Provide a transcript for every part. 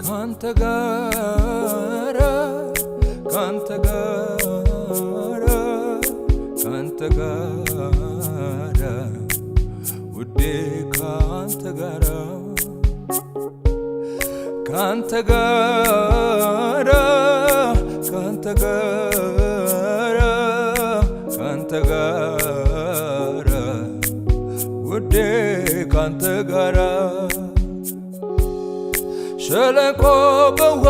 Cantagar ጋራ ውዴ ካንተ ጋራ ካንተ ጋራ ካንተ ጋራ ካንተ ጋራ ውዴ ካንተ ጋራ ሸለቆ በውሃ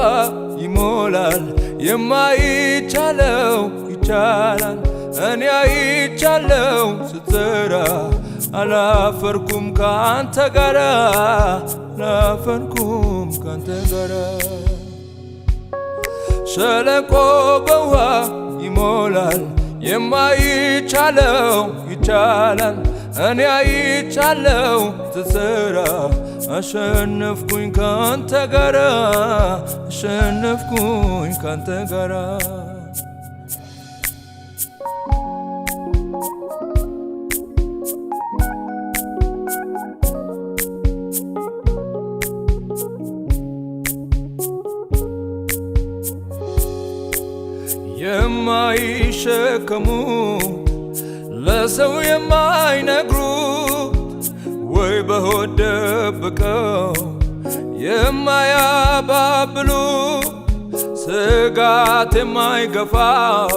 ይሞላል የማይቻለው ይቻላል እኔ አይቻለው ስትዘራ አላፈርኩም ካንተ ጋራ አላፈርኩም ካንተ ጋራ ሸለቆ በውሃ ይሞላል የማይቻለው ይቻላል እኔ አይቻለው ትስራ አሸነፍኩኝ ካንተ ጋራ አሸነፍኩኝ ካንተ ጋራ የማይሸከሙ ለሰው የማይነግሩት ወይ በሆድ ደብቀው የማያባብሉ ስጋት የማይገፋው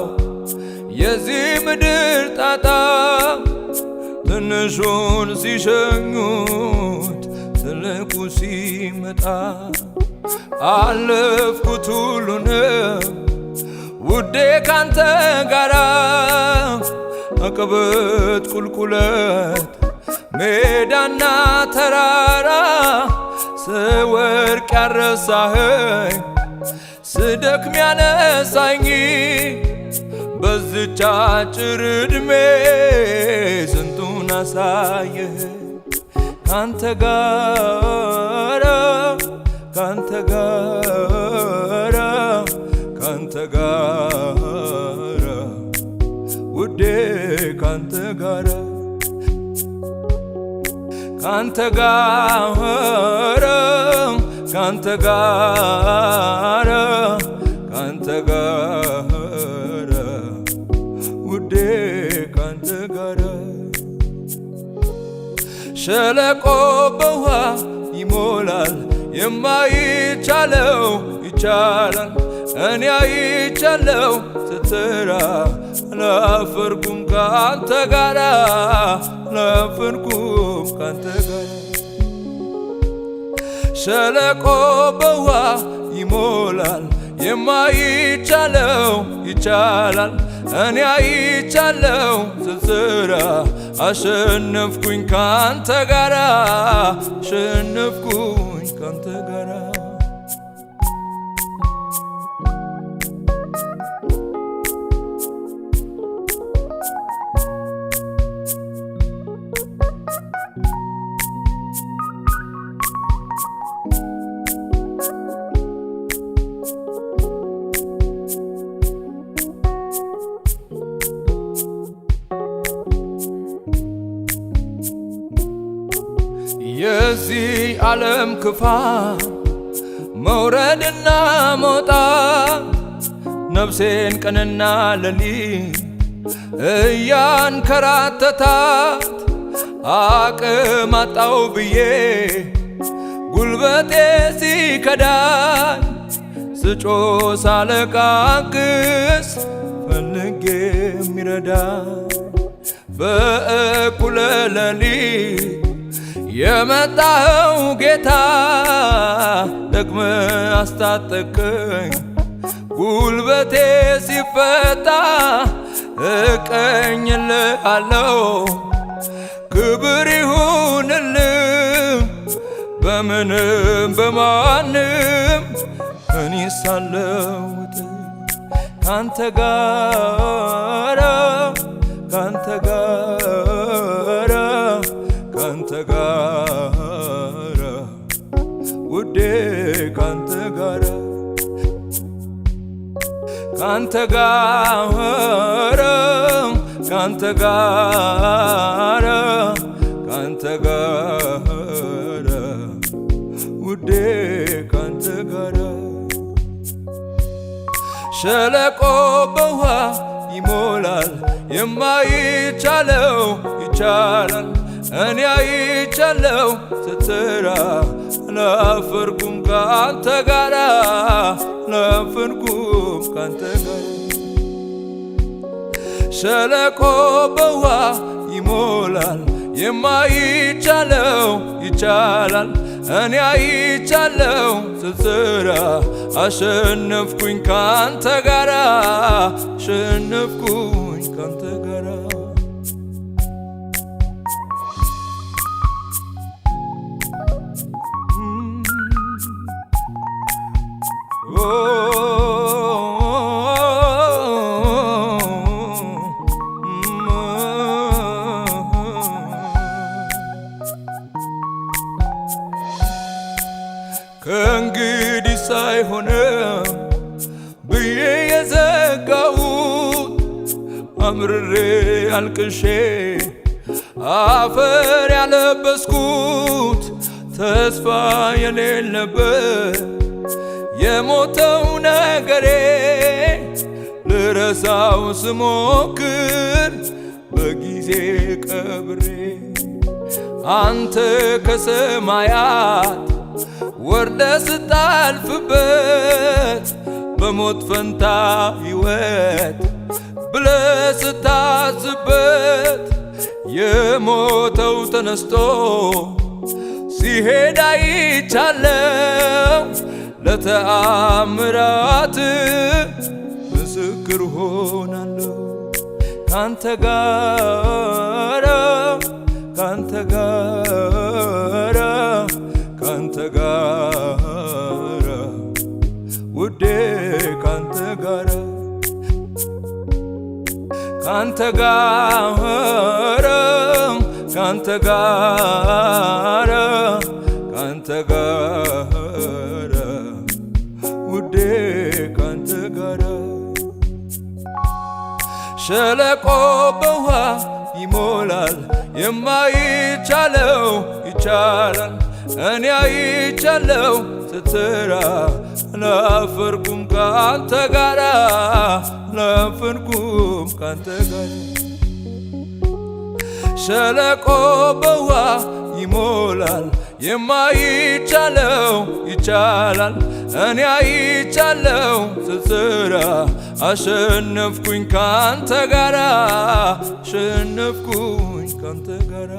የዚህ ምድር ጣጣ ትንሹን ሲሸኙት ትልቁ ሲመጣ አለፍኩት ሁሉንም ውዴ ካንተ ጋራ አቀበት ቁልቁለት ሜዳና ተራራ ስወርቅ ያረሳኸኝ ስደክም ያነሳኝ በዝች አጭር ዕድሜ ስንቱን አሳየህ ካንተ ጋራ ካንተ ጋራ ካንተ ጋራ ውዴ ካንተ ጋራ ካንተ ጋራ ካንተ ጋራ ካንተ ጋራ ውዴ ካንተ ጋራ ሸለቆ በውሃ ይሞላል የማይቻለው ይቻላል እኔ አይቻለው ስትራ ለፍርኩም ካንተ ጋራ ለፍርኩም ካንተ ጋራ ሸለቆ በውሃ ይሞላል የማይቻለው ይቻላል እኔ አይቻለው ስትራ አሸነፍኩኝ ካንተ ጋራ አሸነፍኩኝ ካንተ ጋራ የዚህ ዓለም ክፋ መውረድና መውጣ ነፍሴን ቀንና ሌሊት እያንከራተታት አቅም አጣው ብዬ ጉልበቴ ሲከዳኝ ስጮ ሳለቃቅስ ፈልጌ የሚረዳ በእኩለ ሌሊት የመጣኸው ጌታ ደግመ አስታጠቀኝ ጉልበቴ ሲፈታ እቀኝልሃለው ክብር ይሁንልም በምንም በማንም እኔ ሳለውጥ ካንተ ካንተ ጋር ካንተ ጋር ካንተ ጋር ውዴ ካንተ ጋር ሸለቆ በውሃ ይሞላል የማይቻለው ይቻላል እኔ አይቻለው ስትራ ለፍርጉም ካንተ ጋራ የሉም ካንተ ጋር ሸለቆ በውሃ ይሞላል። የማይቻለው ይቻላል። እኔ አይቻለው ስትሰራ አሸነፍኩኝ ካንተ ጋራ አሸነፍኩኝ ካንተ ጋራ አይሆንም ብዬ የዘጋሁት አምርሬ አልቅሼ አፈር ያለበስኩት ተስፋ የሌለበት የሞተው ነገሬ ልረሳው ስሞክር በጊዜ ቀብሬ አንተ ከሰማያት ወርደ ስታልፍበት በሞት ፈንታ ሕይወት ብለ ስታዝበት የሞተው ተነስቶ ሲሄድ አይቻለው ለተአምራት ምስክር ሆናለሁ ካንተ ጋር ካንተ ጋር ጋር ካንተ ጋር ካንተ ጋር ውዴ ካንተ ጋር ሸለቆ በውሃ ይሞላል የማይቻለው ይቻላል እኔ አይቻለው ስትሰራ ለፍርኩም ካንተ ጋራ ለፍርኩም ካንተ ጋራ ሸለቆ በውሃ ይሞላል የማይቻለው ይቻላል እኔ አይቻለው ስትሰራ አሸነፍኩኝ ካንተ ጋራ አሸነፍኩኝ ካንተ ጋራ